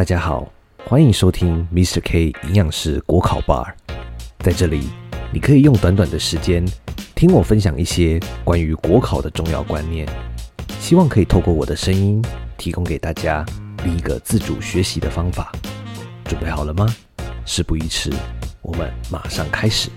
大家好，歡迎收聽 Mr K 營養師國考班，在這裡，你可以用短短的時間聽我分享一些關於國考的重要觀念，希望可以透過我的聲音提供給大家另一個自主學習的方法。準備好了嗎？事不宜遲，我們馬上開始。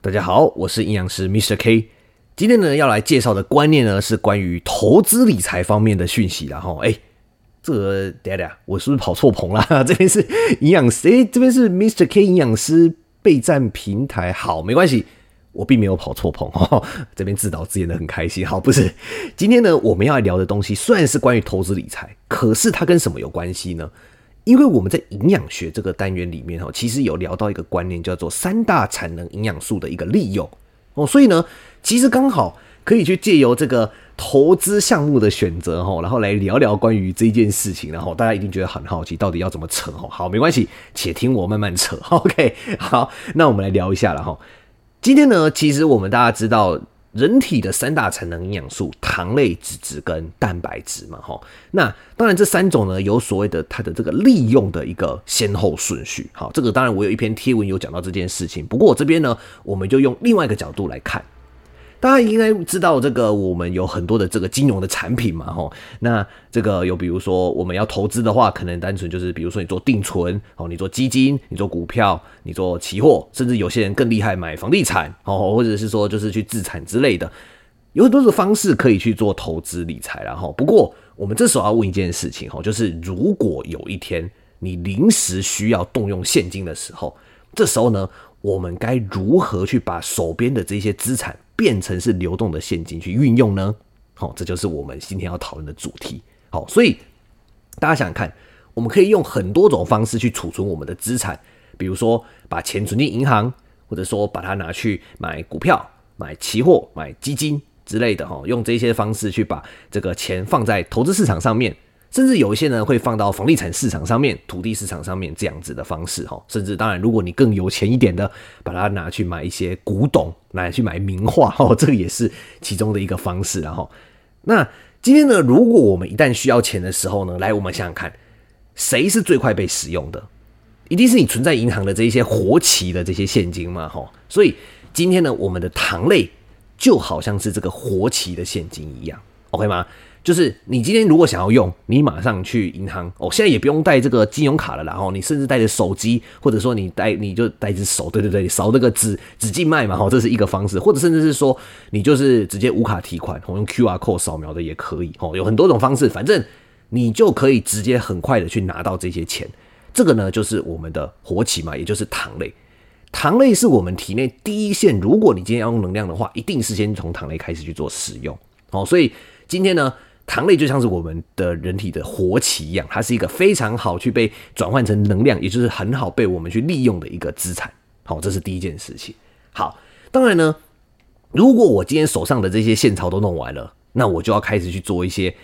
大家好，我是營養師 Mr K。今天呢，要來介紹的觀念呢，是關於投資理財方面的訊息啦。然後，哎，這個等等，我是不是跑錯棚了？這邊是營養師，哎、欸，這邊是 Mr. K 營養師備戰平台。好，沒關係，我並沒有跑錯棚。哈，這邊自導自演的很開心。好，不是，今天呢，我們要來聊的東西雖然是關於投資理財，可是它跟什麼有關係呢？因為我們在營養學這個單元裡面，哈，其實有聊到一個觀念，叫做三大產能營養素的一個利用。哦，所以呢。其實剛好可以去借由這個投資項目的選擇哈，然後來聊聊關於這一件事情，然後大家一定覺得很好奇，到底要怎麼扯哈？好，沒關係，且聽我慢慢扯。OK，好，那我們來聊一下了哈。今天呢，其實我們大家知道人體的三大產能營養素：糖類、脂質跟蛋白質嘛哈。那當然，這三種呢有所謂的它的這個利用的一個先後順序。好，這個當然我有一篇貼文有講到這件事情，不過我這邊呢，我們就用另外一個角度來看。大家應該知道這個，我們有很多的這個金融的產品嘛，吼。那這個有比如說我們要投資的話，可能單純就是比如說你做定存哦，你做基金，你做股票，你做期貨，甚至有些人更厲害買房地產哦，或者是說就是去置產之類的，有很多的方式可以去做投資理財，然後不過我們這時候要問一件事情吼，就是如果有一天你臨時需要動用現金的時候，這時候呢，我們該如何去把手邊的這些資產？變成是流動的現金去運用呢？好，這就是我們今天要討論的主題。好，所以大家想想看，我們可以用很多種方式去儲存我們的資產，比如說把錢存進銀行，或者說把它拿去買股票、買期貨、買基金之類的。哈，用這些方式去把這個錢放在投資市場上面。甚至有一些人會放到房地產市場上面，土地市場上面這樣子的方式，哈。甚至當然，如果你更有錢一點的，把它拿去買一些古董，拿來去買名畫，哈，這個也是其中的一個方式，然後。那今天呢，如果我們一旦需要錢的時候呢，來我們想想看，誰是最快被使用的？一定是你存在銀行的這些活期的這些現金嘛，哈。所以今天呢，我們的糖類就好像是這個活期的現金一樣，OK 嗎？就是你今天如果想要用，你馬上去銀行哦，現在也不用帶這個金融卡了啦，然、哦、後你甚至帶着手機，或者說你帶你就帶只手。對對對，掃這個紙紙巾賣嘛，哈、哦，這是一個方式，或者甚至是說你就是直接無卡提款，我用 Q R code 掃描的也可以，哦，有很多種方式，反正你就可以直接很快的去拿到這些錢。這個呢就是我們的活期嘛，也就是糖類，糖類是我們體內第一線，如果你今天要用能量的話，一定是先從糖類開始去做使用，哦，所以今天呢。糖類就像是我們的人體的活期一樣，它是一個非常好去被轉換成能量，也就是很好被我們去利用的一個資產。好，這是第一件事情。好，當然呢，如果我今天手上的這些現鈔都弄完了，那我就要開始去做一些，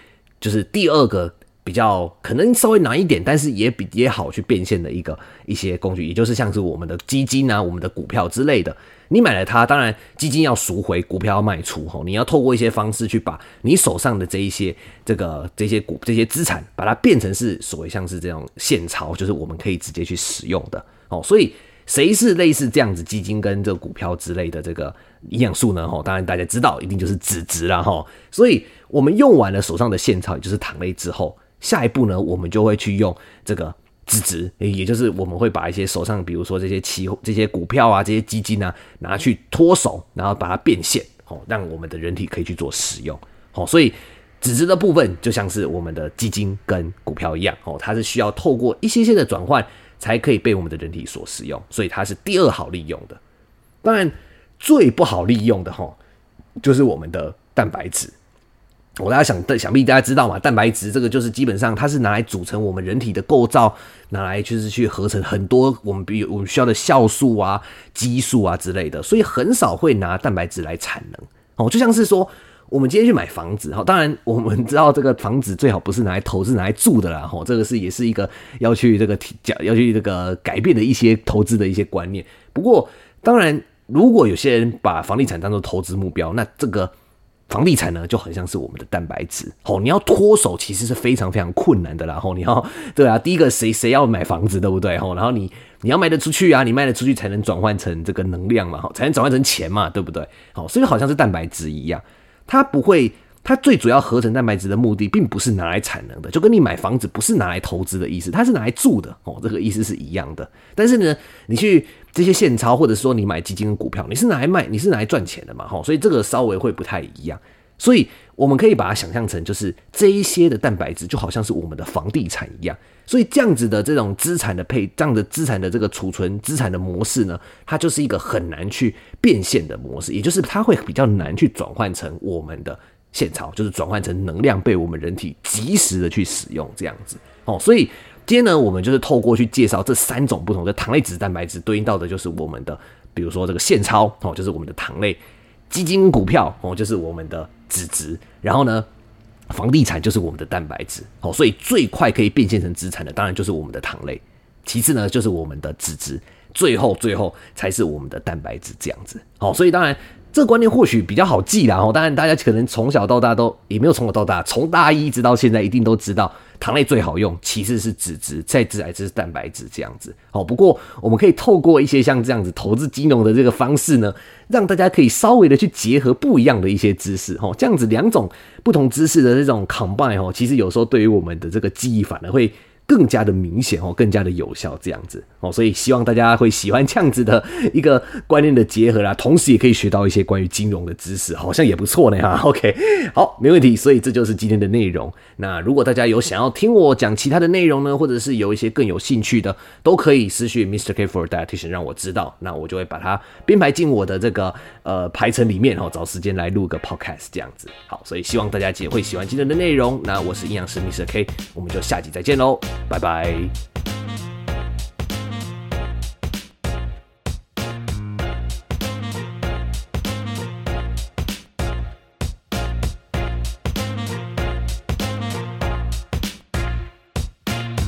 就是第二個。比較可能稍微難一點，但是也比也好去變現的一個一些工具，也就是像是我們的基金啊、我們的股票之類的。你買了它，當然基金要贖回，股票要賣出吼。你要透過一些方式去把你手上的這一些這個這些股這些資產，把它變成是所謂像是這種現鈔，就是我們可以直接去使用的哦。所以誰是類似這樣子基金跟這個股票之類的這個營養素呢？吼，當然大家知道一定就是脂質了吼。所以我們用完了手上的現鈔，也就是糖類之後。下一步呢，我們就會去用這個脂質，也就是我們會把一些手上，比如說這些期貨，這些股票啊，這些基金啊，拿去脫手，然後把它變現，哦，讓我們的人體可以去做使用，哦，所以脂質的部分就像是我們的基金跟股票一樣，哦，它是需要透過一些些的轉換，才可以被我們的人體所使用，所以它是第二好利用的。當然，最不好利用的哈，就是我們的蛋白質。我大家想，但想必大家知道嘛，蛋白質這個就是基本上它是拿來組成我們人體的構造，拿來就是去合成很多我們比如我們需要的酵素啊、激素啊之類的，所以很少會拿蛋白質來產能。哦，就像是說我們今天去買房子，哈、哦，當然我們知道這個房子最好不是拿來投資、拿來住的啦，哈、哦，這個是也是一個要去這個提講、要去這個改變的一些投資的一些觀念。不過，當然如果有些人把房地產當做投資目標，那這個。房地產呢就很像是我們的蛋白質，好，你要脫手其實是非常非常困難的啦，然後你要，對啊，第一個誰誰要買房子，對不對，吼，然後你你要賣得出去啊，你賣得出去才能轉換成這個能量嘛，才能轉換成錢嘛，對不對，好，所以好像是蛋白質一樣，它不會。它最主要合成蛋白質的目的，並不是拿來產能的，就跟你買房子不是拿來投資的意思，它是拿來住的哦，這個意思是一樣的。但是呢，你去這些現鈔，或者說你買基金跟股票，你是拿來賣，你是拿來賺錢的嘛，哈、哦，所以這個稍微會不太一樣。所以我們可以把它想象成，就是這一些的蛋白質，就好像是我們的房地產一樣。所以這樣子的這種資產的配，這樣的資產的這個儲存資產的模式呢，它就是一個很難去變現的模式，也就是它會比較難去轉換成我們的。現鈔就是轉換成能量被我們人體及時的去使用這樣子哦，所以今天呢，我們就是透過去介紹這三種不同的糖類、脂、蛋白質對應到的就是我們的，比如說這個現鈔哦，就是我們的糖類；基金、股票哦，就是我們的脂質；然後呢，房地產就是我們的蛋白質哦。所以最快可以變現成資產的，當然就是我們的糖類；其次呢，就是我們的脂質；最後，最後才是我們的蛋白質這樣子哦。所以當然。這個觀念或許比較好記啦哈，當然大家可能從小到大都也沒有從小到大，從大一直到現在一定都知道糖類最好用，其實是脂質，再次還是蛋白質這樣子。好，不過我們可以透過一些像這樣子投資金融的這個方式呢，讓大家可以稍微的去結合不一樣的一些知識哈，這樣子兩種不同知識的這種 combine 其實有時候對於我們的這個記憶反而會。更加的明顯哦，更加的有效這樣子哦，所以希望大家會喜歡這樣子的一個觀念的結合啦、啊，同時也可以學到一些關於金融的知識，好像也不錯呢 OK，好，沒問題，所以這就是今天的內容。那如果大家有想要聽我講其他的內容呢，或者是有一些更有興趣的，都可以私訊 Mr. K for Dietitian 讓我知道，那我就會把它編排進我的這個呃排程裡面哈，找時間來錄個 podcast 這樣子。好，所以希望大家也會喜歡今天的內容。那我是營養師 Mr. K，我們就下集再見嘍。拜拜。